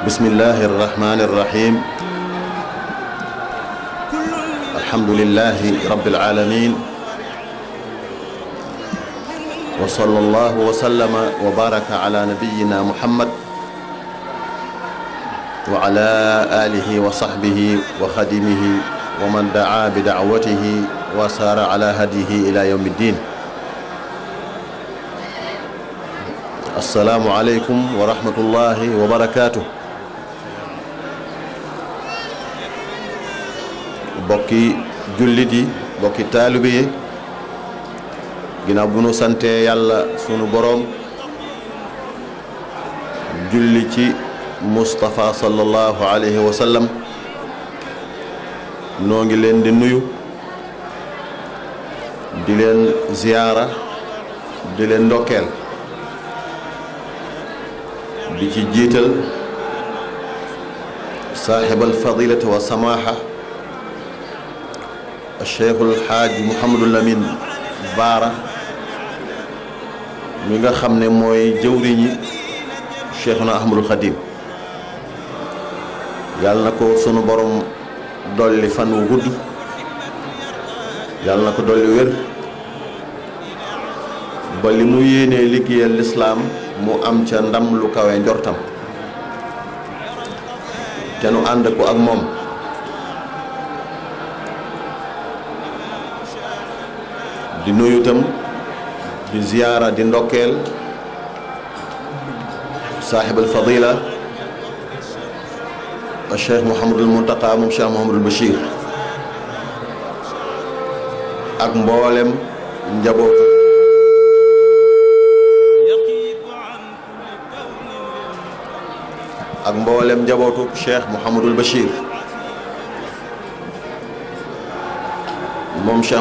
bismillahi arrahmani irrahim alhamdulilahi rabbil alamin wa sallallahu wa sallama wa baraka ala nabiyina muhammad wa ala alihi wa sahbihi wa xadimihi wa man daa bi daawatihi wa saara ala hadihi ila yawmi ddin assalaamu aleykum wa rahmatullahi wa barakaatuh bokki jullit yi bokki taalibe yi ginnaaw bu nu santee yàlla sunu boroom julli ci Moustapha sallallahu alayhi noo ngi leen di nuyu di leen ziyaara di leen ndokkeel di ci jiital saaxibal fadilata wa samaaxa cheikhul xaaj Mouhamadou Lamine Baara mi nga xam ne mooy jëw jëwriñi cheikhuna Ahmadul Xadim yàlla na ko sunu borom dolli fan wu gudd yàlla na ko dolli wér ba li mu yéenee liggéeyal lislaam mu am ca ndam lu kawe njortam te nu ànd ko ak moom di nuyu itam di ziyaara di ndokkeel saaxibal fadila a cheikh Mouhamadul Muntaqa moom cheikh Mouhamadul Bachir ak mboolem njabootu ak mboolem njabootu cheikh Mouhamadul Bachir moom cheikh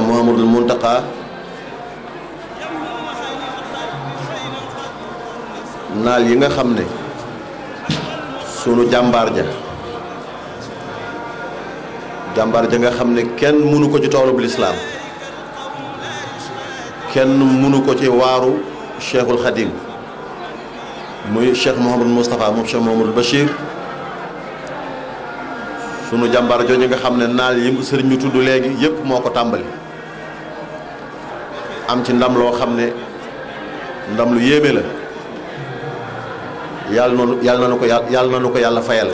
Muntaqa naal yi nga xam ne sunu jàmbaar ja jàmbaar ja nga xam ne kenn mënu ko ci toolub lislaam kenn mënu ko ci waaru cheikhul xadim muy cheikh Mouhamadou Moustapha moom cheikh Mouhamadou Bachir sunu jàmbaar jooju nga xam ne naal yi sëriñ ñu tudd léegi yépp moo ko tàmbali am ci ndam loo xam ne ndam lu yéeme la yàlla yàlla na nu ko yàlla na nu ko yàlla fayal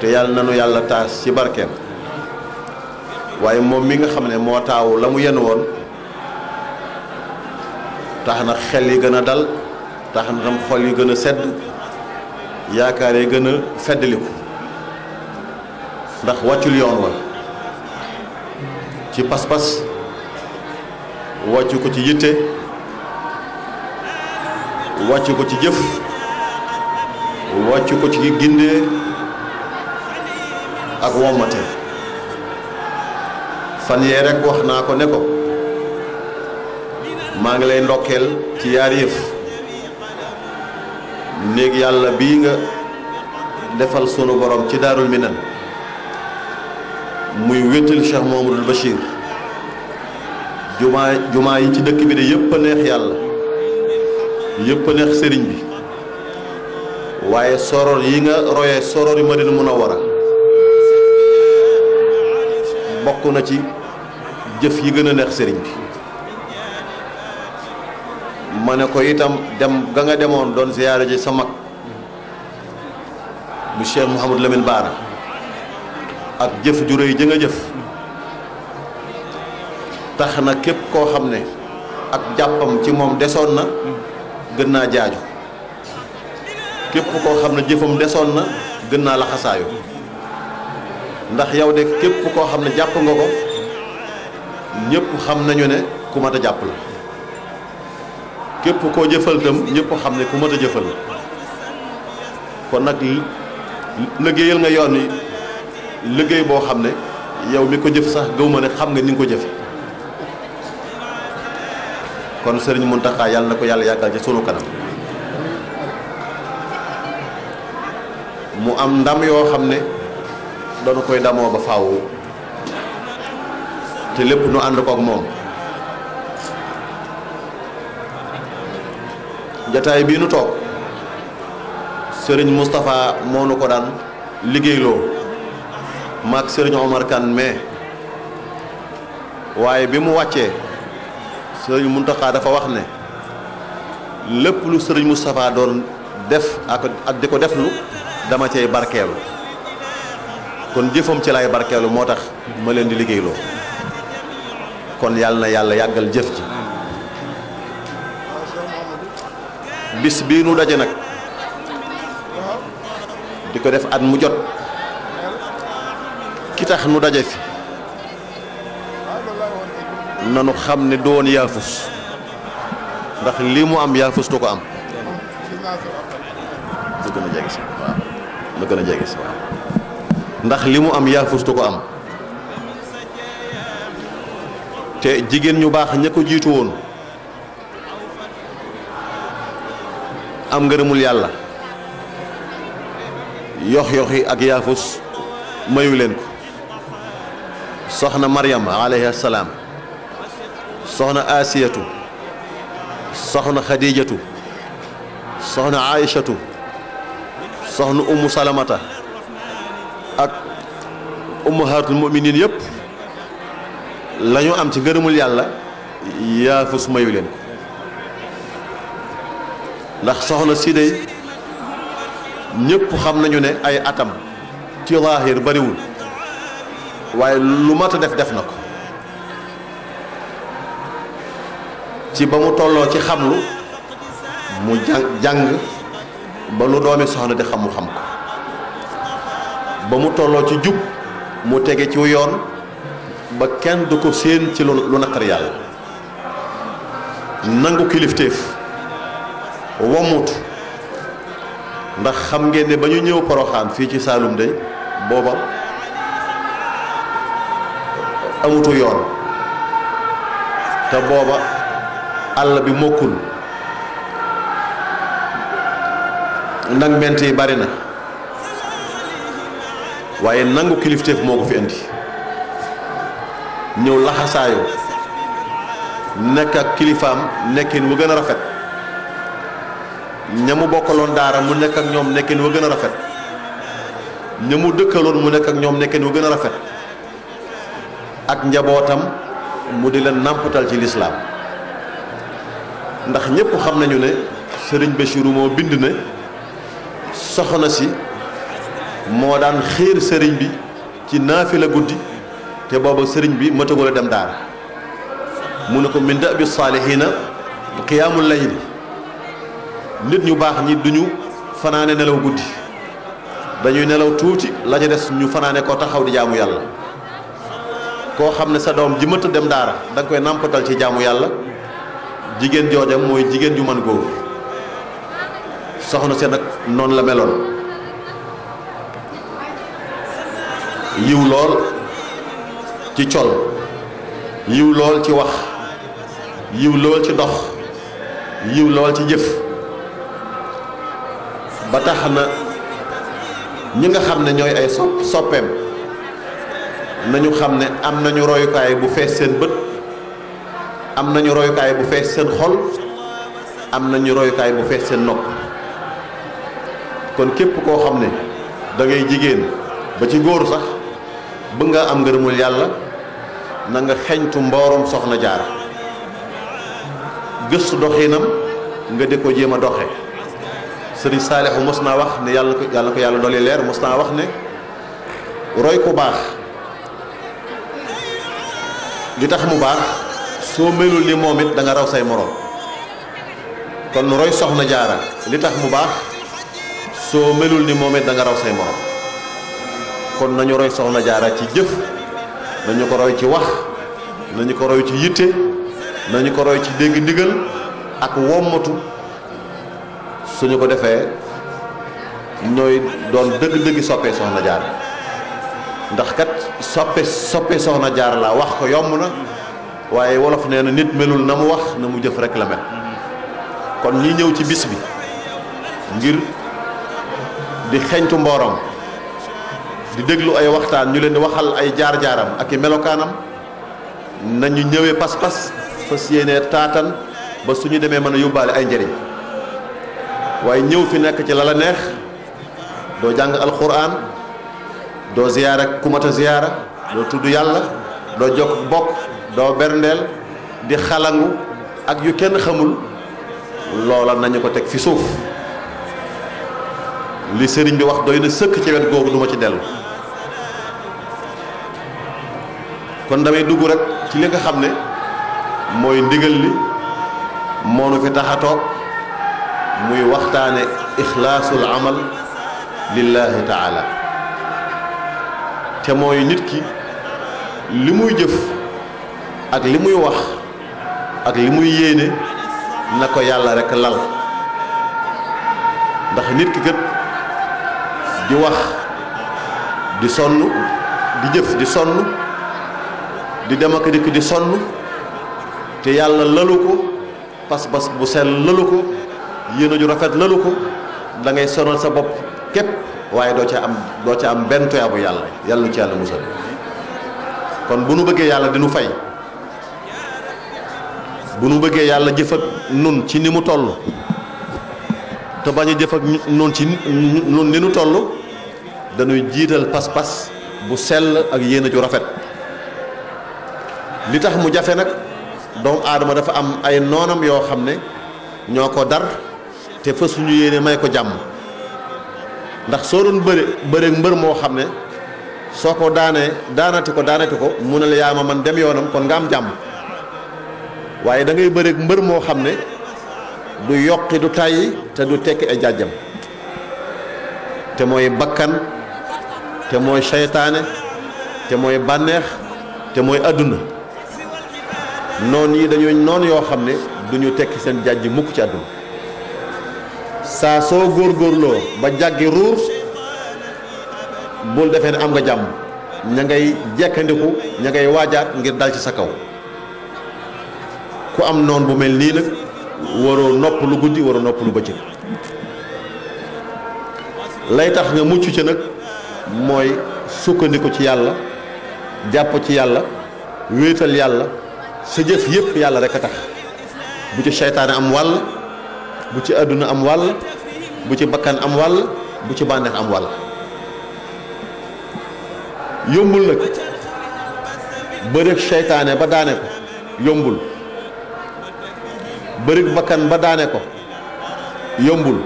te yàlla na nu yàlla taas ci barkeem waaye moom mi nga xam ne moo taawu la mu yenn woon tax na xel yi gën a dal tax na xol yi gën a sedd yaakaar yi gën a feddaliku ndax wàccul yoon wa ci pas-pas wàccu ko ci yitte wàcce ko ci jëf wàcce ko ci gindee ak wommate fan yee rek wax naa ko ne ko maa ngi lay ndokkeel ci yaar yëf néeg yàlla bii nga defal sunu borom ci daarul minan muy wétal Cheikh Mouhamadoul Bachir jumaa jumaa yi ci dëkk bi de yëpp neex yàlla yëpp a neex sëriñ bi waaye soror yi nga royee soror yi ma dina mën a war bokk na ci jëf yi gën a neex sëriñ bi ma ne ko itam dem ga nga demoon doon ziyaare ji sa mag bu mu Mouhamadou Lamine Baara ak jëf ju réy ji nga jëf tax na képp koo xam ne ak jàppam ci moom desoon na gën naa jaaju képp koo xam ne jëfam desoon na gën naa laxasaayu ndax yow de képp koo xam ne jàpp nga ko ñëpp xam nañu ne ku mat a jàpp la képp koo jëfal tam xam ne ku mat a jëfal la kon nag liggéeyal nga yoon wi liggéey boo xam ne yow mi ko jëf sax gëw ma ne xam nga ni ko jëfe kon sëriñ Muntaxa yàlla na ko yàlla yàggal ci sunu kanam mu am ndam yoo xam ne doonu koy damoo ba faaw te lépp nu ànd kook moom jataay bii nu toog sëriñ Moustapha moo nu ko daan liggéeyloo maak sëriñ Omar Kane mais waaye bi mu wàccee sëriñ Muntaxa dafa wax ne lépp lu sëriñ Moustapha doon def ak di ko def lu dama cay barkeelu kon jëfam ci lay barkeelu moo tax ma leen di liggéeyloo kon yàlla na yàlla yàggal jëf ji bis bii nu daje nag di ko def at mu jot ki tax nu daje fi nanu xam ne doon yaafus ndax lii mu am yaafus du ko am lu gën a jege si waaw ndax li mu am yaafus ko am te jigéen ñu baax ña ko jiitu woon am ngërëmul yàlla yox yox yi ak yaafus mayu leen ko soxna Maryam alayhi salaam soxna asiyatu soxna xadijatu soxna aïchatu soxna umu salamata ak ummahatul muminin yëpp la ñu am ci ngërëmul yàlla yaafus mayu ko ndax soxna si day ñëpp xam nañu ne ay atam ci laahir bariwul waaye lu mat a def def na ko ci ba mu tolloo ci xamlu mu jàng jàng ba lu doomi soxna di xam xam ko ba mu tolloo ci jub mu tege ci yoon ba kenn du ko séen ci lu naqar yàlla nangu kilifteef wamut ndax xam ngeen ne ba ñu ñëw poroxaan fii ci Saalum de booba amutu yoon te booba àll bi mokkul nag ment yi bari na waaye nangu kilifteef moo ko fi indi ñëw laxasaayoo nekk ak kilifaam nekkin wu gën a rafet ña mu bokkaloon daara mu nekk ak ñoom nekkin wu gën a rafet ña mu dëkkaloon mu nekk ak ñoom nekkin wu gën a rafet ak njabootam mu di leen nàmpatal ci lislaam ndax ñëpp xam nañu ne sëriñ Bachirou moo bind ne soxna si moo daan xiir sëriñ bi ci naafila guddi te booba sëriñ bi matagul a dem daara mu ne ko min dabi saalihiina qiyaamul layl nit ñu baax ñi duñu fanaane nelaw guddi dañuy nelaw tuuti la ca des ñu fanaane ko taxaw di jaamu yàlla koo xam ne sa doom ji mëtt dem daara da koy nàmpatal ci jaamu yàlla jigéen jooja mooy jigéen ju man góor soxna seen nag noonu la meloon yiw lool ci col yiw lool ci wax yiw lool ci dox yiw lool ci jëf ba tax na ñi nga xam ne ñooy ay sopp soppeem nañu xam ne am nañu royukaay bu fees seen bët am nañu royukaay bu fees seen xol am nañu royukaay bu fees seen nopp kon képp koo xam ne dangay jigéen ba ci góor sax bëgg nga am ngërëmul yàlla na nga xeñtu mbooroom soxna jaar gëstu doxinam nga di ko jéem a doxe sëriñ Saalihu mos naa wax ne yàlla ko yàlla ko yàlla dolli leer mos naa wax ne roy ku baax li tax mu baax soo melul li moom it danga raw say moroom kon roy soxna jaara li tax mu baax soo melul ni moom it da raw say moroom kon nañu roy soxna jaara ci jëf nañu ko roy ci wax nañu ko roy ci yitte nañu ko roy ci dégg ndigal ak wommatu suñu ko defee ñooy doon dëgg-dëggi soppee soxna jaara ndax kat soppe soppe soxna jaara la wax ko yomb na waaye wolof nee na nit melul na mu wax na mu jëf rek la mel kon ñi ñëw ci bis bi ngir di xeñtu mbooram di déglu ay waxtaan ñu leen di waxal ay jaar-jaaram ak i melokaanam na ñu ñëwee pas-pas fas yéenee taatan ba suñu demee mën a yóbbaale ay njëriñ waaye ñëw fi nekk ci la neex doo jàng alquran doo ziyaara ku mat a ziyaara doo tudd yàlla doo jox bokk doo berndeel di xalangu ak yu kenn xamul loola nañu ko teg ci suuf li sëriñ bi wax doy na sëkk ci wet googu duma ci dellu kon damay dugg rek ci li nga xam ne mooy ndigal li moonu fi tax a toog muy waxtaane ixlaasul amal lillaahi taala te mooy nit ki li muy jëf ak li muy wax ak li muy yéene na ko yàlla rekk lal ndax nit ki di wax di sonn di jëf di sonn di dem ak dikk di sonn te yàlla lalu ko pas bas bu sell lalu ko yéene ju rafet lalu ko da ngay sonal sa bopp képp waaye doo ca am doo ca am benn toyaabu yàlla yàlla ci yàlla musal kon bu nu bëggee yàlla di nu fay bu nu bëggee yàlla jëf ak nun ci ni mu toll te bañ a jëf ak nun ci nun ni nu toll dañuy jiital pas-pas bu sell ak yéene ju rafet li tax mu jafe nag doomu aadama dafa am ay noonam yoo xam ne ñoo ko dar te fa suñu yéene may ko jàmm ndax soo doon bëre bëre mbër moo xam ne soo ko daanee daanati ko daanati ko mu ne la yaa ma man dem yoonam kon nga am jàmm waaye da ngay bëreeg mbër moo xam ne du yokki du tàyyi te du tekki ay jàjjam te mooy bakkan te mooy saytaane te mooy bànneex te mooy àdduna noon yi dañuy noon yoo xam ne du ñu tekki seen jàjj mukk ci àdduna saa soo góorgóorloo ba jàggi ruur bul defee ne am nga jàmm ña ngay jekkandiku ña ngay waajaat ngir dal ci sa kaw am noon bu mel nii nag waroo nopp lu guddi waroo nopp lu lay tax nga mucc ca nag mooy sukkandiku ci yàlla jàpp ci yàlla wéetal yàlla sa jëf yépp yàlla rekk a tax bu ci seytaane am wàll bu ci àdduna am wàll bu ci bakkan am wàll bu ci bànneex am wàll yombul nag ba rek seytaane ba daane ko yombul bërig bakkan ba daane ko yombul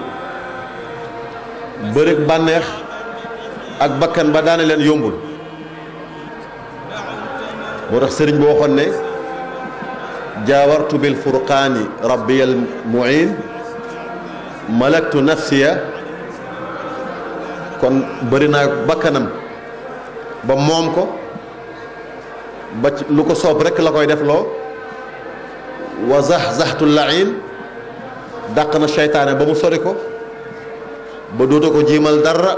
bërig bànneex ak bakkan ba daane leen yómbul moo tax sëriñ boo waxoon ne jaawartu bil furqaani rabbiyal muin malaktu nafsiya kon bëri naa bakkanam ba moom ko ba lu ko soob rekk la koy defloo wa zahzahtu lain dàq na seytaane ba mu sori ko ba dootu ko jiimal dara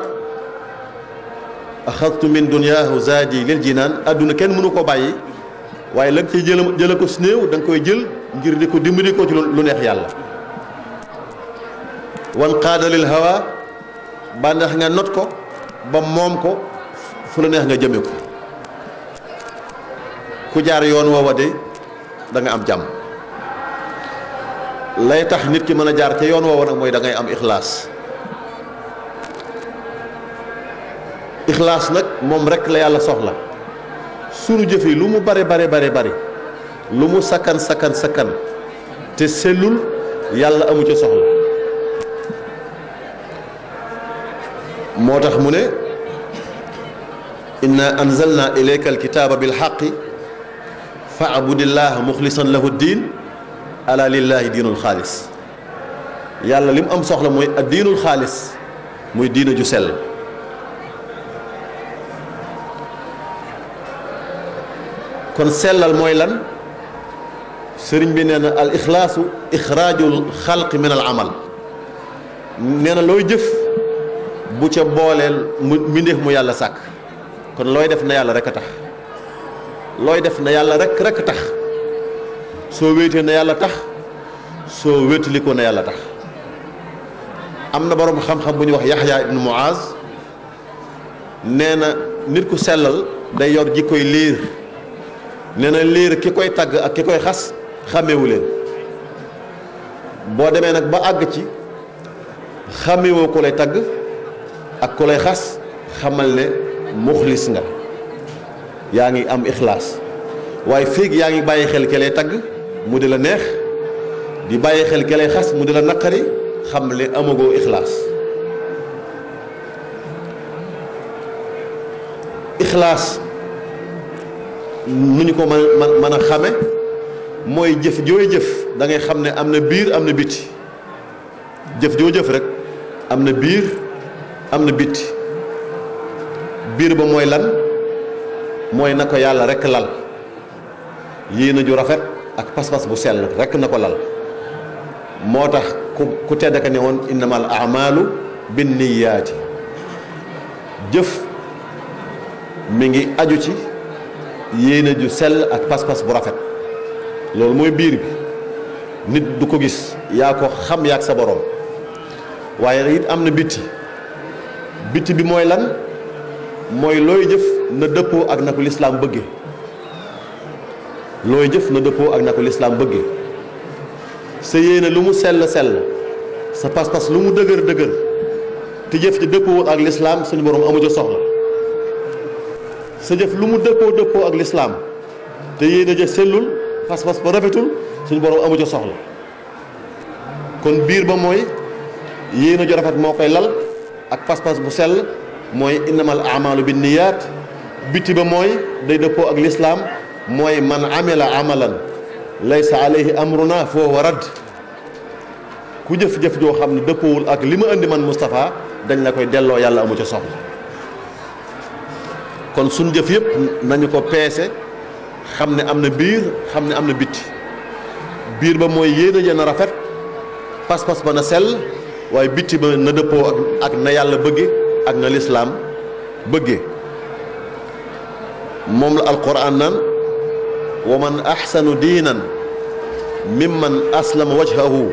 axadtu min duniyaahu ji lil jinaan àdduna kenn mënu ko bàyyi waaye la nga ciy jël jëla ko si néew koy jël ngir di ko dimbali ko ci lu neex yàlla wan qaadalil hawa ba neex nga not ko ba moom ko fu la neex nga jëme ko ku jaar yoon woowa de am jàmm lay tax nit ki mën a jaar ca yoon woowu nag mooy da ngay am ixlaas ixlaas nag moom rek la yàlla soxla sunu jëf yi lu mu bare bare bare bari lu mu sakkan sakkan sakkan te sellul yàlla amu ca soxla moo tax mu ne inna anzalna ilayka alkitaaba bilxaqi fa abudillaha muxlisan lahu diin ala lillaahi diinul xaalis yàlla li mu am soxla muy ak diinul xaalis muy diina ju sell kon sellal mooy lan sëriñ bi nee na al ixlaasu ixraajul xalqi min al amal nee na looy jëf bu ca booleel mu mbindéef mu yàlla sàkk kon looy def na yàlla rek a tax looy def na yàlla rekk rek a tax soo wéetee na yàlla tax soo wéetalikoo na yàlla tax am na boroom xam-xam bu ñuy wax yaxya ibnu muaz nee na nit ku sellal day yor ji koy liir nee na liir ki koy tagg ak ki koy xas xàmmewu leen boo demee nag ba àgg ci xàmmewoo ko lay tagg ak ku lay xas xamal ne muxlis nga yaa ngi am ixlaas waaye féeg yaa ngi bàyyi xel ke lay tagg mu di la neex di bàyyi xel ke xas mu di la naqari xam le amagoo ixlaas ixlaas nu ñu ko mën mën a xame mooy jëf jooy jëf da xam ne am na biir am na biti jëf joo jëf rek am na biir am na biti biir ba mooy lan mooy na ko yàlla rek lal yéena ju rafet ak pas-pas bu sell rekk na ko lal moo tax ku ku tedd ka ne woon innamal amalu binniyaati jëf mi ngi aju ci yéene ju sell ak pas-pas bu rafet loolu mooy biir bi nit du ko gis yaa ko xam yaak sa boroom waaye it am na bitti bitti bi mooy lan mooy looy jëf na dëppoo ak na ko lislaam bëgge looy jëf na dëppoo ak na ko lislaam bëggee sa yéene lu mu sell sell sa pas-pas lu mu dëgër dëgër te jëf ci dëppoo ak lislaam suñu borom amu soxla sa jëf lu mu dëppoo dëppoo ak lislaam te yéene ja sellul pas-pas ba rafetul suñu borom amu soxla kon biir ba mooy yéene ju rafet moo koy lal ak pas-pas bu sell mooy innamal amalu bi niyaat biti ba mooy day dëppoo ak lislaam mooy man amila amalan laysa alayhi amruna fa huwa radd ku jëf-jëf joo xam ne dëppoowul ak li ma indi man Moustapha dañ la koy delloo yàlla amu ca soxla kon suñ jëf yépp nañu ko peese xam ne am na biir xam ne am na bitti biir ba mooy yéene ja na rafet pas-pas ba na sell waaye bitti ba na dëppoo ak na yàlla bëgge ak na lislaam bëgge moom la alquran naan wa man axsanu diinan mimman aslama wajhahu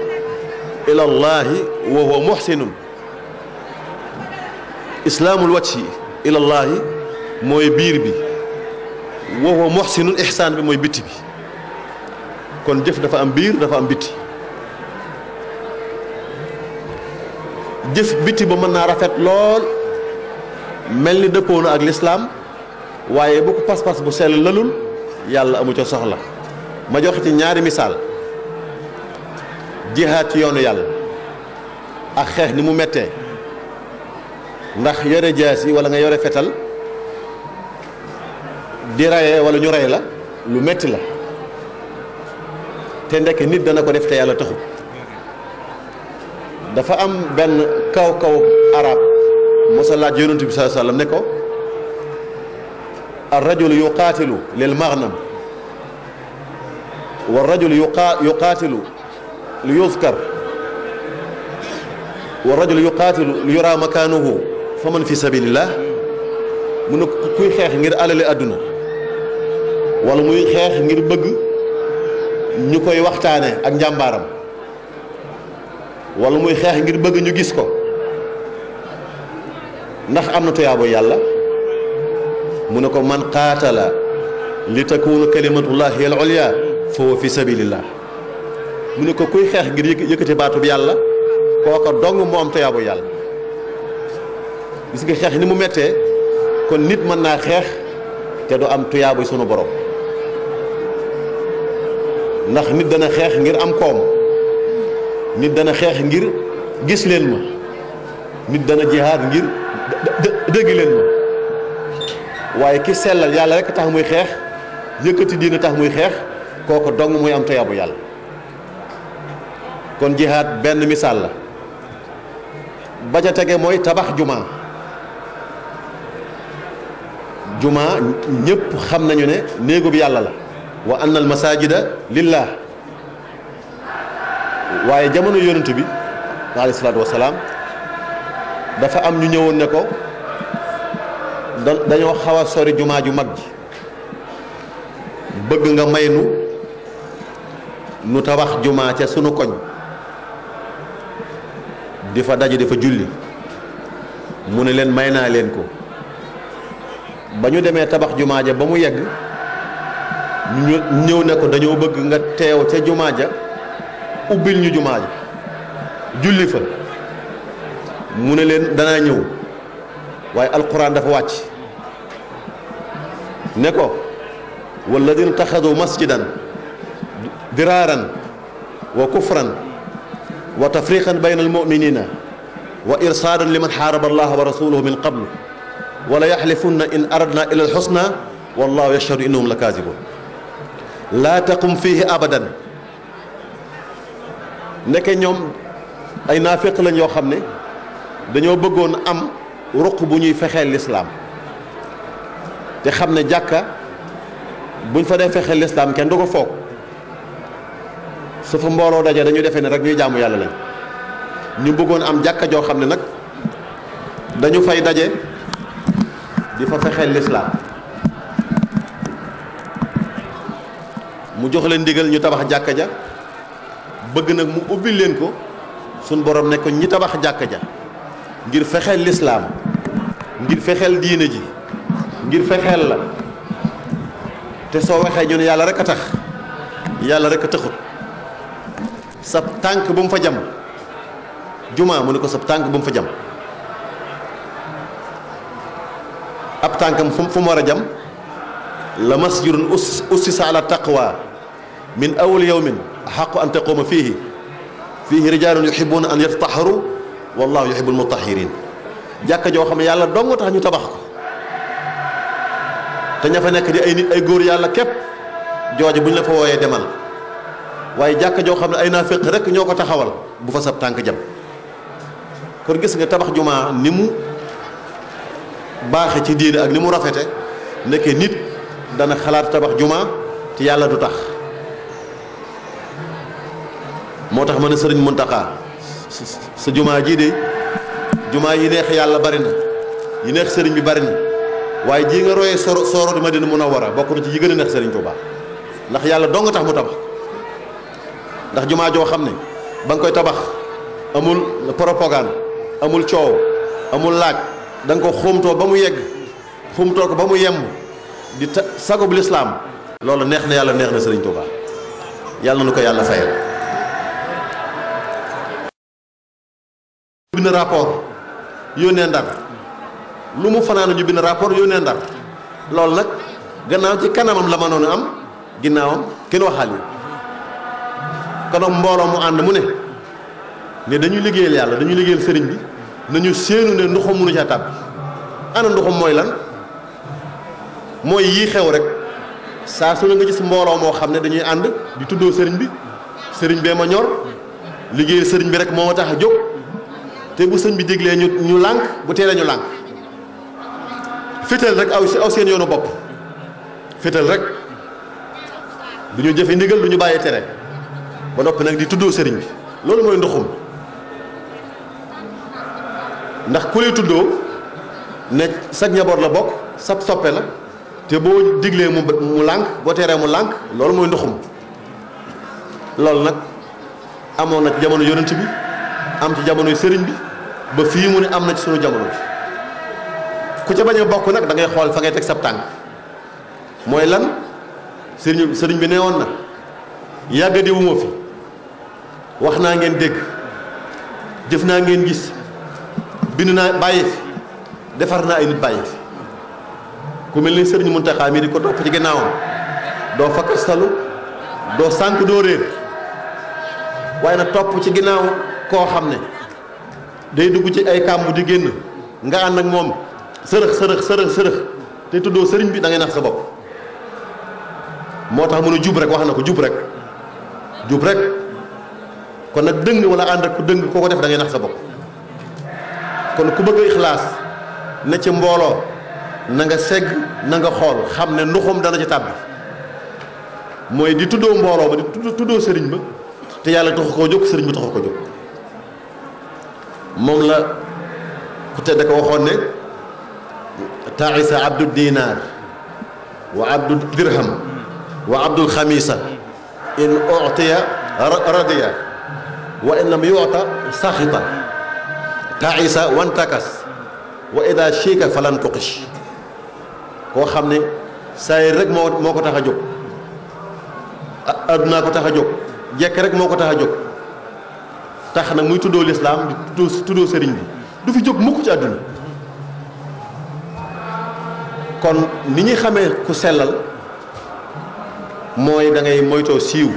ila llaahi wa huwa muxsinun islaamul wajhi ila llaahi mooy biir bi wa huwa muxsinun ixsaan bi mooy bitti bi kon jëf dafa am biir dafa am bitti jëf bitti ba mën naa rafet lool mel ni dëppoo ak lislaam waaye bu ko pas-pas bu sell lalul yàlla amu ca soxla ma jox ci ñaari misaal jihaad ci yoonu yàlla ak xeex ni mu mettee ndax yore jaas yi wala nga yore fetal di rayee wala ñu rey la lu metti la te ndekk nit dana ko def te yàlla taxu dafa am benn kaw kaw arab mosa laaj bi sallallahu ne ko yu الرجل يقاتل للمغنم wa يقاتل ليذكر والرجل يقاتل ليرى مكانه faman fi sabilillah mu ne kuy xeex ngir alali àdduna walla muy xeex ngir bëgg ñu koy waxtaane ak njàmbaaram walla muy xeex ngir bëgg ñu gis ko ndax am na tuyaabo yàlla mu ne ko man qaatala li takunu kalimatullahi al ulya fa huwa mu ne ko kuy xeex ngir yëkkati baatub yàlla kooka dong moo am tuyaabu yàlla gis nga xeex ni mu mettee kon nit mën naa xeex te du am tuyaabu sunu borom ndax nit dana xeex ngir am koom nit dana xeex ngir gis leen ma nit dana jihaad ngir dégg leen ma waaye ki sellal yàlla rekk tax muy xeex yëkkati diina tax muy xeex kooku dong muy am toyabu yàlla kon jihaad benn misaal la ba ca tege mooy tabax jumaa jumaa ñépp xam nañu ne néegub yàlla la wa anna al masajida lillah waaye jamono yonent bi alayhi salaatu wasalaam dafa am ñu ñëwoon ne ko dañoo xaw a sori jumaa ju mag ji bëgg nga may nu nu tabax jumaa ca sunu koñ di fa daje di fa julli mu ne leen may naa leen ko ba ñu demee tabax jumaa ja ba mu yegg ñu ñëw ne ko dañoo bëgg nga teew ca jumaa ja ubbil ñu jumaa ja julli fa mu ne leen danaa ñëw waaye alxuraan dafa wàcc ne ko walladina taxadu masjidan diraaran wa kufran wa tafriqan bayna almuminina wa irsaadan liman xaaraba allaha wa rasulahu min qablu wala yaxlifunna in aradna ila alxusna wallahu yashhadu innahum la kaasibun laa taqum fiihi abadan ndeke ñoom ay naafiq lañ yoo xam ne dañoo bëggoon am ruq bu ñuy fexeel lislaam te xam ne jàkka buñ fa dee fexee lislaam kenn du ko foog su fa mbooloo dajee dañuy defee ne rek ñuy jaamu yàlla lañ ñu bëggoon am jàkka joo xam ne nag dañu fay daje di fa fexe lislaam mu jox leen ndigal ñu tabax jàkka ja bëgg nag mu ubbi leen ko suñ borom ne ko ñi tabax jàkka ja ngir fexeel lislaam ngir fexeel diine ji ngir fexeel la te soo waxee ñu yàlla rek a tax yàlla rek a taxut sab tànk bu mu fa jam juma mu ne ko sab tànk bu mu fa jam ab tànkam fu mu war a jam la masjidun us ussisa ala taqwa min awal yawmin axaqu an taquma fiihi fiihi rijaalun yuhibbuna an yatataharu wallahu yuhibbul mutahhirin jàkka joo xam ne yàlla dong tax ñu tabax ko te ña fa nekk di ay nit ay góor yàlla képp jooje bu ñu la fa wooyee demal waaye jàkka joo xam ne ay naaféq rek ñoo ko taxawal bu fa sab tànk jam kon gis nga tabax jumaa ni mu baaxe ci diine ak ni mu rafete nekke nit dana xalaat tabax jumaa te yàlla du tax moo tax ma ne sëriñ Muntaxa sa jumaa jii de jumaa yi neex yàlla bari na yi neex sëriñ bi bari na waaye jii nga royee soro sooro di Madina Munawwara bokk na ci yi gën a neex Serigne Touba ndax yàlla dong tax mu tabax ndax jumaa joo xam ne ba nga koy tabax amul propagande amul coow amul laaj da ko xumtoo ba mu yegg xumtoo ko ba mu yem di ta sagub lislaam loolu neex na yàlla neex na Serigne Touba yàlla na ko yàlla fayal. bind rapport yónnee Ndar. lu mu fanaanu ñu bind rapport yónnee ndar loolu nag gannaaw ci kanamam la mënoon a am ginnaawam kenn waxaal yi kanam mbooloo mu ànd mu ne ne dañuy liggéeyal yàlla dañuy liggéeyal sëriñ bi nañu séenu ne nduxum mënu ca tàbbi ana nduxum mooy lan mooy yii xew rek saa su ne nga gis mbooloo moo xam ne dañuy ànd di tuddoo sëriñ bi sëriñ bee ma ñor liggéeyal sëriñ bi rek moo ma tax a jóg te bu sëñ bi déglee ñu ñu lànk bu teelee ñu lànk fétal rek aw aw seen yoonu bopp fétal rek du ñu jëfe ndigal du ñu bàyyi tere ba noppi nag di tuddoo sëriñ bi loolu mooy nduxum ndax ku lay tuddoo ne sag njaboot la bokk sab soppe la te boo diglee mu mu lànk boo teree mu lànk loolu mooy nduxum loolu nag amoon na ci jamono yonent bi am ci jamonoy sëriñ bi ba fii mu ne am na ci sunu jamono bi ku ca bañ a bokk nag da ngay xool fa ngay teg sab tànk mooy lan sëriñ sëriñ bi ne woon na yàggadi wu ma fi wax naa ngeen dégg jëf naa ngeen gis bind naa bàyyi fi defar naa ay nit bàyyi fi ku mel ni sëriñ Muntaxa mi di ko topp ci ginnaawam doo fakkastalu doo sant doo réer waaye nag topp ci ginnaaw koo xam ne day dugg ci ay kàmbu di génn nga ànd ak moom sërëx sërëx sërëx sërëx te tuddoo sëriñ bi dangay ngay nax sa bopp moo tax munu jub rek wax na ko jub rek jub rek kon nag dëng wala ànd rek ku dëng koo ko def da ngay nax sa bopp kon ku bëgg ixlaas na ci mbooloo na nga segg nanga xool xam ne nduxum dana ci tàbbi mooy di tuddoo mbooloo ba di tuddoo sëriñ ba te yàlla taxu koo jóg sëriñ bi taxu ko jóg moom la ku da ko waxoon ne taisa abdul dinar wa abdul dirham wa abdul xamisa in utiya radiya wa in lam saxita taisa wantakas wa ida chiika falan tuqish koo xam ne saa yi rek moo moo ko tax a jóg addunaa ko tax a jóg jekk rek moo ko tax a jóg tax nag muy tuddoo lislaam di tuddoo sëriñ bi du fi jóg mukk ci àdduna kon ni ñuy xamee ku sellal mooy dangay ngay moytoo siiw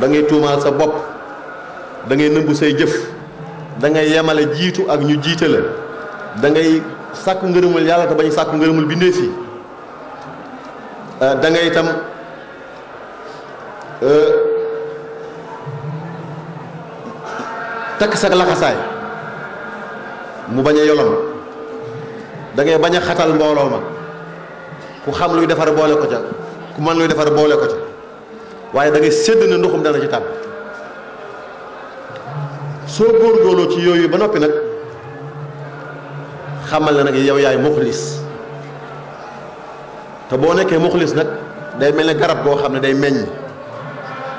da ngay tuumaal sa bopp da ngay nëbbu say jëf dangay ngay yemale jiitu ak ñu jiite la dangay ngay sàkku ngërëmul yàlla te bañ sàkku ngërëmul bindeef yi euh, dangay ngay itam euh, takk sa lakasaay mu bañ a yolom dangay ngay bañ a xatal mbooloo ma ku xam luy defar boole ko ca ku mën luy defar boole ko ca waaye da ngay sédd na ndoxum dana ci tàbb soo góorgóorloo ci yooyu ba noppi nag xamal na nag yow yaay muxlis te boo nekkee muxlis nag day mel ne garab boo xam ne day meññ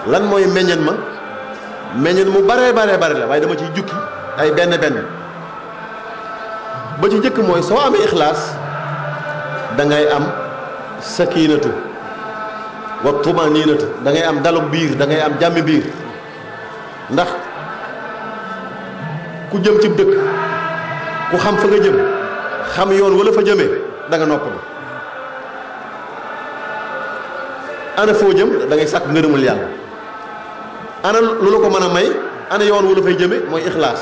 lan mooy meññeen ma meññeen mu bare bare bare la waaye dama ciy jukki ay benn benn ba ci njëkk mooy soo amee ixlaas da ngay am sakiinatu wa tumaniinatu dangay ngay am dalug biir da ngay am jàmmi biir ndax ku jëm ci dëkk ku xam fa nga jëm xam yoon wala fa jëmee da nga noppalu ana foo jëm da ngay sàkk ngërëmul yàlla ana lu la ko mën a may ana yoon wala fay jëme mooy ixlaas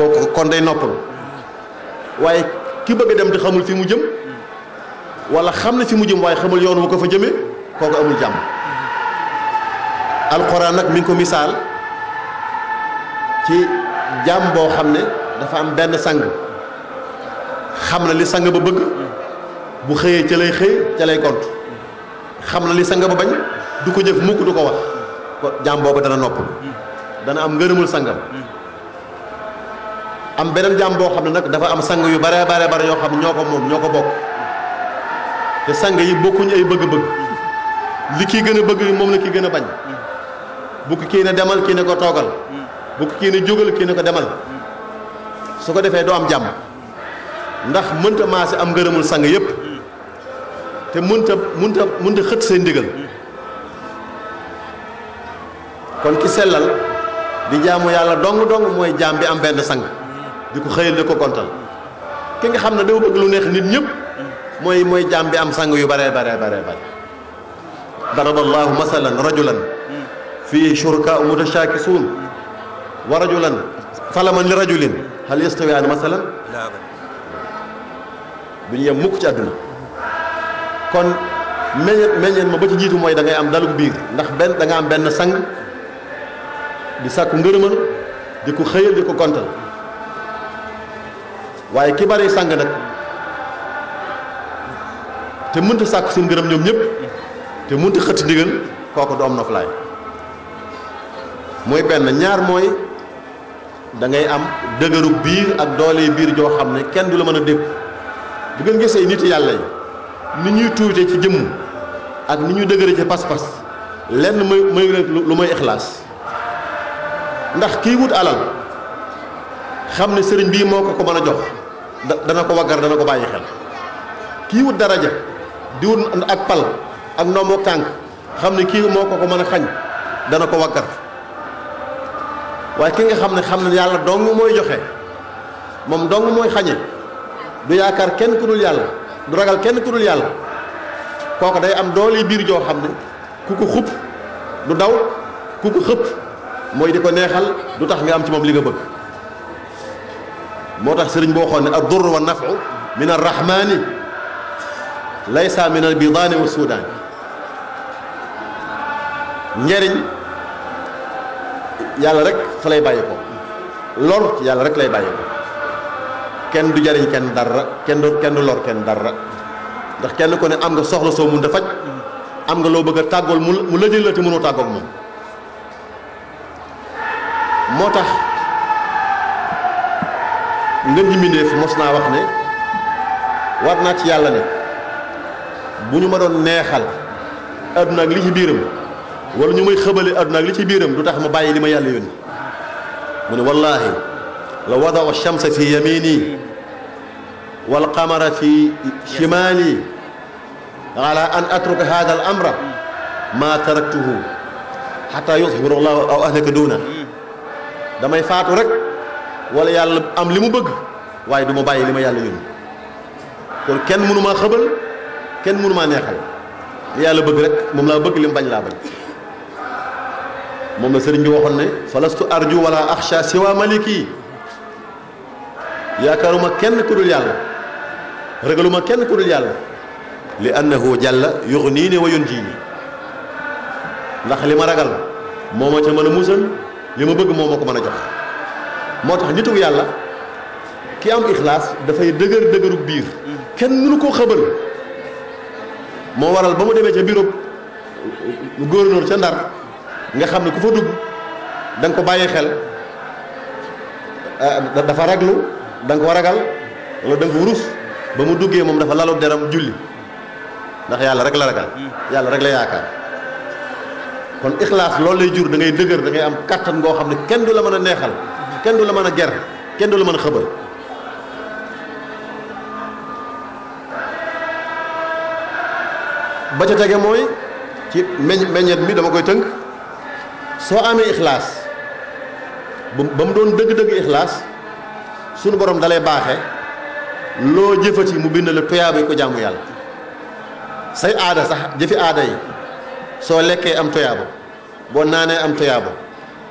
kooku kon day noppalu waaye ki bëgg a dem di xamul fi mu jëm wala xam na fi mu jëm waaye xamul yoonu wu ko fa jëmee kooku amul jàmm alxuraan nag mi ko misaal ci jàmm boo xam ne dafa am benn sang xam na li sang ba bëgg bu xëyee ca lay xëy ca lay gont xam na li sang ba bañ du ko jëf mukk du ko wax jàmm boobu dana noppalu dana am ngërëmul sangam am beneen jaam boo xam ne nag dafa am sang yu bare bare bare yoo xam ñoo ko moom ñoo ko bokk te sang yi bokkuñ ay bëgg-bëgg li kii gën a bëgg moom la kii gën a bañ bu ko kii ne demal kii ne ko toogal bu ko kii ne jógal kii ne ko demal su ko defee doo am jàmm ndax mënta si am ngërëmul sang yépp te mënta mënta mënta xët say ndigal kon ki sellal di jaamu yàlla dong dong mooy jaam bi am benn sang di ko xëyal di ko gontal ki nga xam ne dafa bëgg lu neex nit ñëpp mooy mooy jaam bi am sang yu bare bare bare bare daraba allahu masalan rajulan fii shurakaa'u mutashaakisuun wa rajulan salaman li rajulin hal yastawiyaani masalan bu ñu yem mukk ci àdduna kon meññeen meññeen ma ba ci jiitu mooy dangay am dalug biir ndax benn danga am benn sang di sàkku ngërëmal di ko xëyal di ko gontal waaye ki bari sàng nag te mënta sàkku seen ngërëm ñoom ñëpp te mënta xëtt ndigal kooku du am noflaay muy benn ñaar mooy da ngay am dëgëru biir ak doole biir joo xam ne kenn du la mën a dégg bu ngeen gisee nit yàlla yi ni ñuy tuute ci jëmm ak ni ñuy dëgëre ci pas-pas lenn mooy mooy lu mooy ixlaas ndax kii wut alal xam ne sëriñ bii moo ko ko mën a jox dana ko waggar dana ko bàyyi xel kii wut daraja na wut ak pal ak ndombo tànk xam ne kii moo ko ko mën a xañ dana ko waggar waaye ki nga xam ne xam ne yàlla dong mooy joxe moom dong mooy xañe du yaakaar kenn ku dul yàlla du ragal kenn ku dul yàlla kooku day am doole biir joo xam ne ku ko xupp du daw ku ko xëpp mooy di ko neexal du tax nga am ci moom li nga bëgg moo tax sëriñ boo xoon ne ad-durru wa nafu min ar-rahmani laysa min al-bidani wa sudaani njëriñ yàlla rek fa lay bàyyi ko lor yàlla rek lay bàyyi ko kenn du jariñ kenn dara kenn du kenn du lor kenn dara ndax kenn ko ne am nga soxla soo mun da faj am nga loo bëgg a tàggool mu mu lëjël la te mënoo tàggoog moom moo tax ngën ji mbindéef mos naa wax ne war naa ci yàlla ne bu ñu ma doon neexal adduna ak li ci biiram wala ñu may xëbale àdduna ak li ci biiram du tax ma bàyyi li ma yàlla yónni mu ne wallaahi la wadaw shamsa fi yamini wal qamara fi shimali ala an atruka hada al amra ma taraktuhu xata yusbiru llahu aw ahlaka duna damay faatu rek wala yàlla am li mu bëgg waaye du ma bàyyi li ma yàlla yónni kon kenn mënu maa xëbal kenn mënu maa neexal li yàlla bëgg rek moom laa bëgg li bañ laa bañ moom la sëriñ bi waxoon ne falastu arju wala axsha siwa maliki yaakaaruma kenn ku dul yàlla ragaluma kenn ku dul yàlla li annahu jàlla yuxniini wa yunjiini ndax li ma ragal moo ma ca mën a musal li ma bëgg moo ma ko mën a jox moo tax nitu yàlla ki am ixlaas dafay dëgër dëgëru biir kenn mënu koo xëbal moo waral ba mu demee ca bureau gouverneur ca Ndar nga xam ne ku fa dugg da ko bàyyi xel ah, dafa raglu da nga ko ragal wala da ko rus ba mu duggee moom dafa lalu deram julli ndax yàlla rek la ragal yàlla rek la yaakaar kon ixlaas loolu lay jur da ngay dëgër da ngay am kàttan goo xam ne kenn du la mën a neexal kenn du la mën a ger kenn du la mën a xëbal ba ca tege mooy ci meñ meññeet mi dama koy tënk soo amee ixlaas ba mu doon dëgg-dëgg ixlaas sunu borom dalay baaxe loo jëfati mu bind la toyaaba ko jaamu yàlla say aada sax jëfi aada yi soo lekkee am toyaaba boo naanee am toyaaba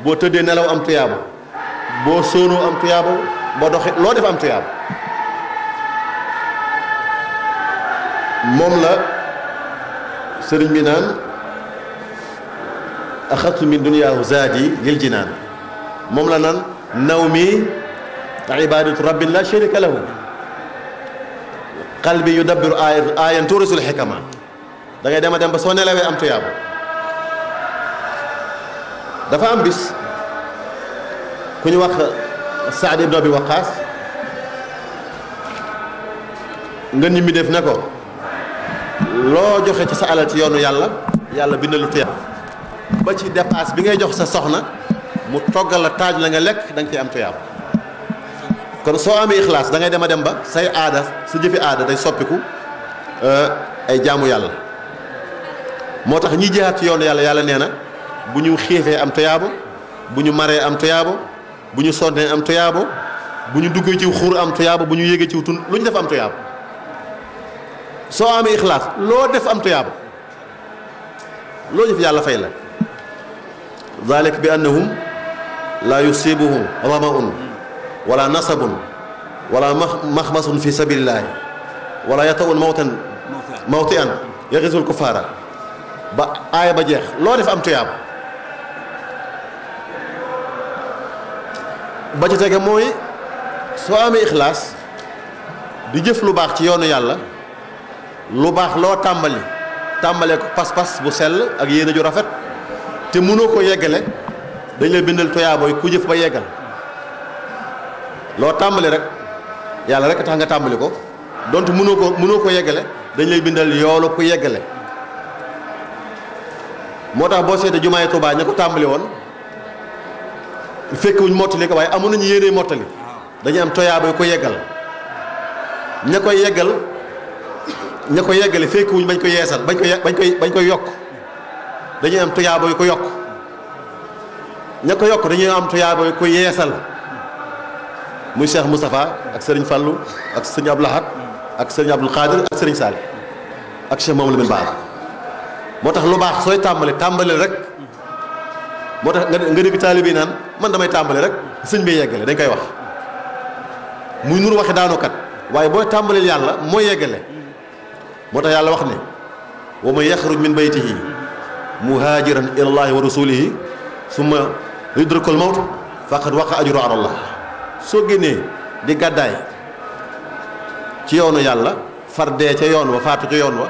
boo tëddee nelaw am toyaaba boo sóonoo am tuyaaba boo doxee loo def am tuyaaba moom la sëriñ bi naan axadtu min dunyaahu zaadi lil jinaan moom la naan nawmi ibadatu rabbin la sharika la qalbi yudabbiru aayan aayan tuurisul xikama dangay ngay dem a dem ba soo nelawee am tuyaaba dafa am bis ku ñu wax Saad ibn Abi Waqaas ngeen ñi mi def ne ko loo joxe ci sa alal ci yoonu yàlla yàlla bind lu teew ba ci dépasse bi ngay jox sa soxna mu toggal la taaj la nga lekk da cee am tuyaab kon soo amee ixlaas da ngay dem a dem ba say aada sa jëfi aada day soppiku eh, ay jaamu yàlla moo tax ñi jëyaat ci yoonu yàlla yàlla nee na bu ñu xiifee am tuyaaba bu ñu maree am tuyaaba bu ñu sonnee am tuyaabo bu ñu duggee ci xur am tuyaabo bu ñu yégee ci tun lu ñu def am tuyaabo soo amee ixlaas loo def am tuyaabo loo jëf yàlla fay la dalik bi annahum laa yusibuhum ramaun wala nasabun wala maxmasun fi sabilillahi wala yatawun mawtan mawti an yarisul kufaara ba aaya ba jeex loo def am tuyaabo ba ci tege mooy soo amee ixlaas di jëf lu baax ci yoonu yàlla lu baax loo tàmbali tàmbalee ko pas-pas bu sell ak yéene ju rafet te mënoo ko yeggale dañ la bindal toyaabooy ku jëf ba yeggal loo tàmbali rek yàlla rek tax nga tàmbali ko donte mënoo ko mënoo ko yeggale dañu lay bindal yoolu ku yeggale moo tax boo seetee jumaay Tuubaa ña ko tàmbali woon fekk wuñ mottali ko waaye amoon nañu yéene mottali dañuy am toyaaba yu ko yeggal ña koy yeggal ña ko yeggale fekk bañ ko yeesal bañ ko bañ koy bañ koy yokk dañuy am toyaaba yu ko yokk ña ko yokk dañuy am toyaaba yu ko yeesal muy Cheikh Moustapha ak Serigne Fallou ak Serigne Abdou Lahad ak Serigne Abdoul Khadir ak Serigne Saliou ak Cheikh Mamadou Lamine Bara moo tax lu baax sooy tàmbali tàmbali rek. moo tax nga dégg taalibe yi naan man damay tàmbali rek sëñ bi yeggale dañ koy wax muy nur waxe daanoo waaye booy tàmbaleel yàlla mooy yeggale moo tax yàlla wax ne wa man yaxruj min baytihi muhaajiran ila llahi wa rasulihi summa yudrikul mawt faqad waqa ajru ala la soo génnee di gàddaay ci yoonu yàlla far dee ca yoon wa faatu ca yoon wa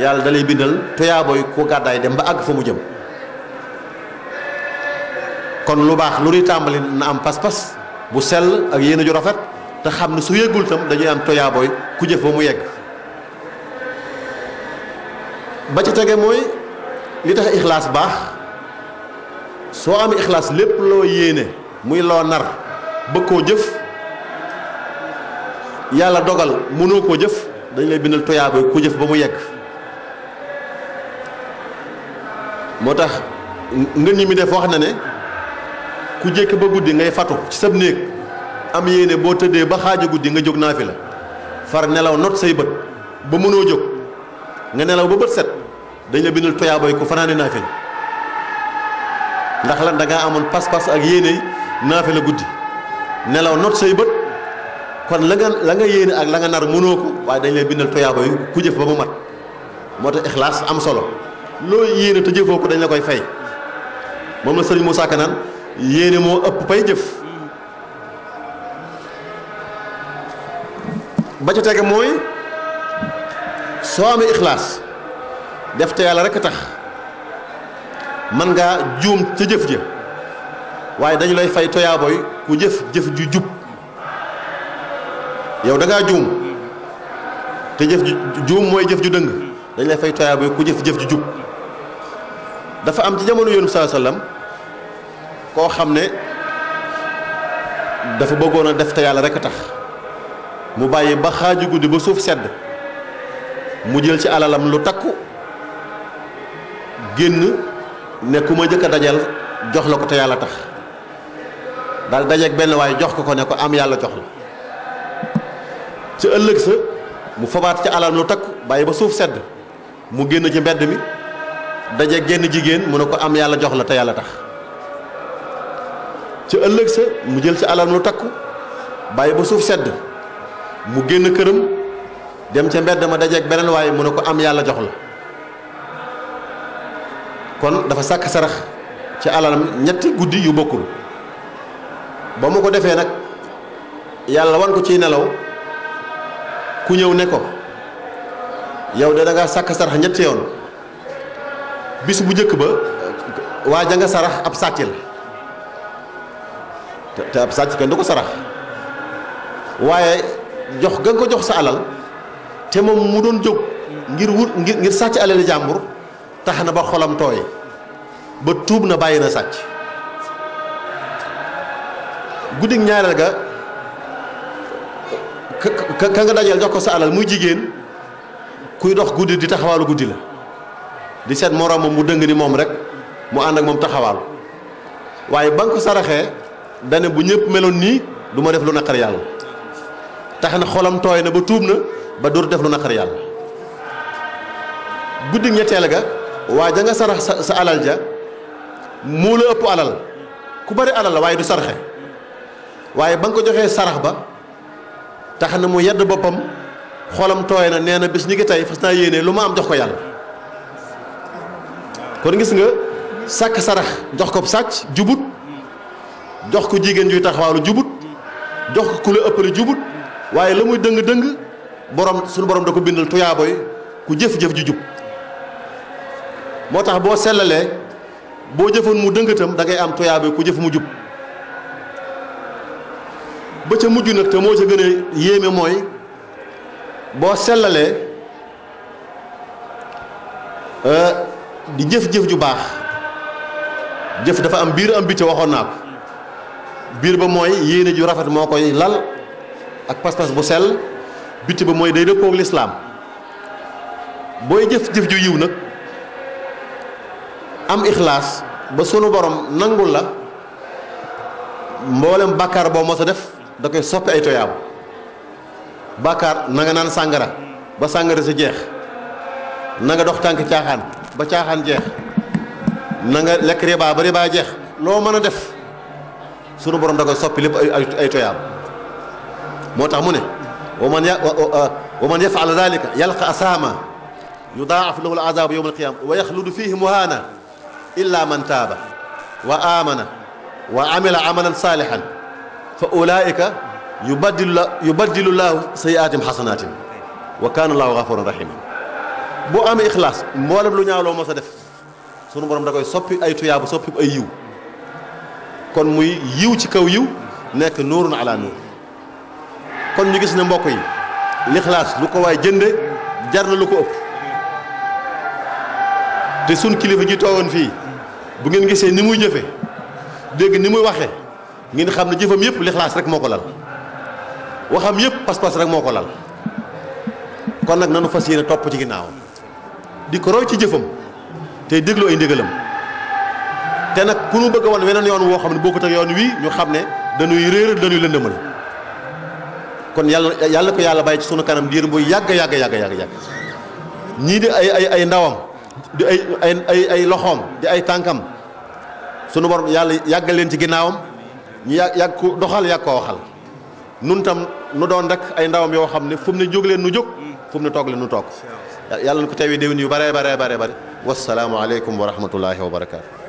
yàlla dalay bindal toyaabooy ku gàddaay dem ba àgg fa mu jëm kon lu baax lu ñuy tàmbali na am pas-pas bu sell ak yéen ju rafet te xam ne su yégul tam dañuy am toyaabooy ku jëf ba mu yegg ba ci tege mooy li tax ixlaas baax soo amee ixlaas lépp loo yéene muy loo nar bëgg koo jëf yàlla dogal mënoo koo jëf dañ lay bindal toyaabooy ku jëf ba mu yegg moo tax ngën ñi mi def wax na ne ku jékki ba guddi ngay fatu ci sab néeg am yéene boo tëddee ba xaaja guddi nga jóg naa fi la far nelaw not say bët ba mënoo jóg nga nelaw ba bët set dañ la bindal toyaaboy ku fanaane naa fi la ndax lan da ngaa amoon pas-pas ak yéene naa fi la guddi nelaw not say bët kon la nga la nga yéene ak la nga nar mënoo ko waaye dañ lay bindal toyaaboy ku jëf ba mu mat moo tax ixlaas am solo loo yéene te jëfoo ko dañ la koy fay moom la sëriñ Moussa Kanaan yéene moo ëpp pay jëf ba ca tege mooy soo amee ixlaas def te yàlla rek a tax man ngaa juum ca jëf ja waaye dañu lay fay toyaaboy ku jëf jëf ju jub yow dangaa ngaa juum te jëf ju juum mooy jëf ju dëng dañu lay fay toyaaboy ku jëf jëf ju jub dafa am ci jamono yoonu sallam koo xam ne dafa bëggoon a def te yàlla rek a tax mu bàyyi ba xaaju guddi ba suuf sedd mu jël ci alalam lu takku génn ne ku ma jëkk a dajal jox la ko te yàlla tax daal dajeeg benn waaye jox ko ko ne ko am yàlla jox la ci ëllëg sa mu fabaat ci alalam lu takku bàyyi ba suuf sedd mu génn ci mbedd mi dajeeg génn jigéen mu ne ko am yàlla jox la te yàlla tax ca ëllëg sa mu jël ca alam lu takku bàyyi ba suuf sedd mu génn këram dem ca mbedd ma dajeeg beneen waaye mu ne ko am yàlla jox la kon dafa sàkk sarax ci alalam ñetti guddi yu bokkul ba mu ko defee nag yàlla wan ko ciy nelaw ku ñëw ne ko yow de danga sàkk sarax ñetti yoon bis bu njëkk ba waa ja nga sarax ab sàcc te ab sàcc kenn du ko sarax waaye jox ga nga ko jox sa alal te moom mu doon jóg ngir wut ngir ngir sàcc alal jàmbur tax na ba xolam tooy ba tuub na bàyyi na sàcc guddig ñaareel ga ka ka nga dajal jox ko sa alal muy jigéen kuy dox guddi di taxawaalu guddi la di seet moroomam mu dëng ni moom rek mu ànd ak moom taxawaalu waaye ba nga ko saraxee dane bu ñépp meloon nii duma ma def lu naqar yàlla tax na xolam tooy na ba tuub na ba dootu def lu naqar yàlla guddi ñetteel ga waa ja nga sarax sa sa alal ja moo la ëpp alal ku bari alal waaye du sarxe waaye ba nga ko joxee sarax ba tax na mu yedd boppam xolam tooy na nee na bis ñi ngi tey fas naa yéene lu ma am jox ko yàlla kon gis nga sàkk sarax jox ko sàcc jubut jox ko jigéen juy taxawaalu jubut jox ko ku la ëppale jubut waaye la muy dëng-dëng borom suñu borom da ko bindal tuyaaboy ku jëf-jëf ju jub moo tax boo sellalee boo jëfoon mu dëngatam da ngay am tuyaaboy ku jëf mu jub ba ca mujj nag te moo ca gën a yéeme mooy boo sellalee euh, di jëf-jëf ju baax jëf dafa am biir am biti waxoon naa ko biir ba mooy yéene ju rafet moo koy lal ak pas-pas bu sell biti ba mooy day dëppoog lislaam booy jëf jëf ju yiw nag am ixlaas ba sunu borom nangul la mboolem bàkkaar boo mos a def da koy soppi ay toyaab bàkkaar na nga naan sàngara ba sàngara si jeex na nga dox tànk caaxaan ba caaxaan jeex na nga lekk ribaa ba ribaa jeex loo mën a def sunu borom da koy soppi lépp ay ay moo tax mu ne wa man ya wa man yafaala dalika yalqa asaama yudaaf lahu alazabu yowma alqiyama wa yaxludu fihi muhaana illa man taaba wa amana wa amila amalan salihan fa ulaika yubaddilu yubaddilu llaahu sayiatim xasanaatim wa kaana llaahu gafuran rahima boo amee ixlaas mboolem lu ñaawloo moo sa def sunu borom da soppi ay tuyaabu soppi ay yiw kon muy yiw ci kaw yiw nekk nuurun ala nuur kon ñu gis ne mbokk yi lixlaas lu ko waay jënde jar na lu ko ëpp te sun kilifa ji toogoon fii bu ngeen gisee ni muy jëfe dégg ni muy waxe ngeen xam ne jëfam yëpp lixlaas rek moo ko lal waxam yëpp pas-pas rek moo ko lal kon nag nanu fas yéene topp ci ginnaawam di ko roy ci jëfam tey déglu ay ndigalam te nag ku ñu bëgg a weneen yoon woo xam ne bokkut ak yoon wii ñu xam ne dañuy réeral dañuy lëndëmal kon yàlla yàlla ko yàlla bàyyi ci sunu kanam diir bu yàgg yàgg yàgg yàgg yàgg ñii di ay ay ay ndawam di ay ay ay loxoom di ay tànkam sunu borom yàlla yàggal leen ci ginnaawam ñu yàgg yàgg ko doxal yàgg ko waxal nun tam nu doon rek ay ndawam yoo xam ne fu mu ne jóg leen nu jóg fu mu ne toog leen nu toog yàlla na ko teewee déwén yu bare bare bare bare wasalaamu aleykum wa rahmatullahi wa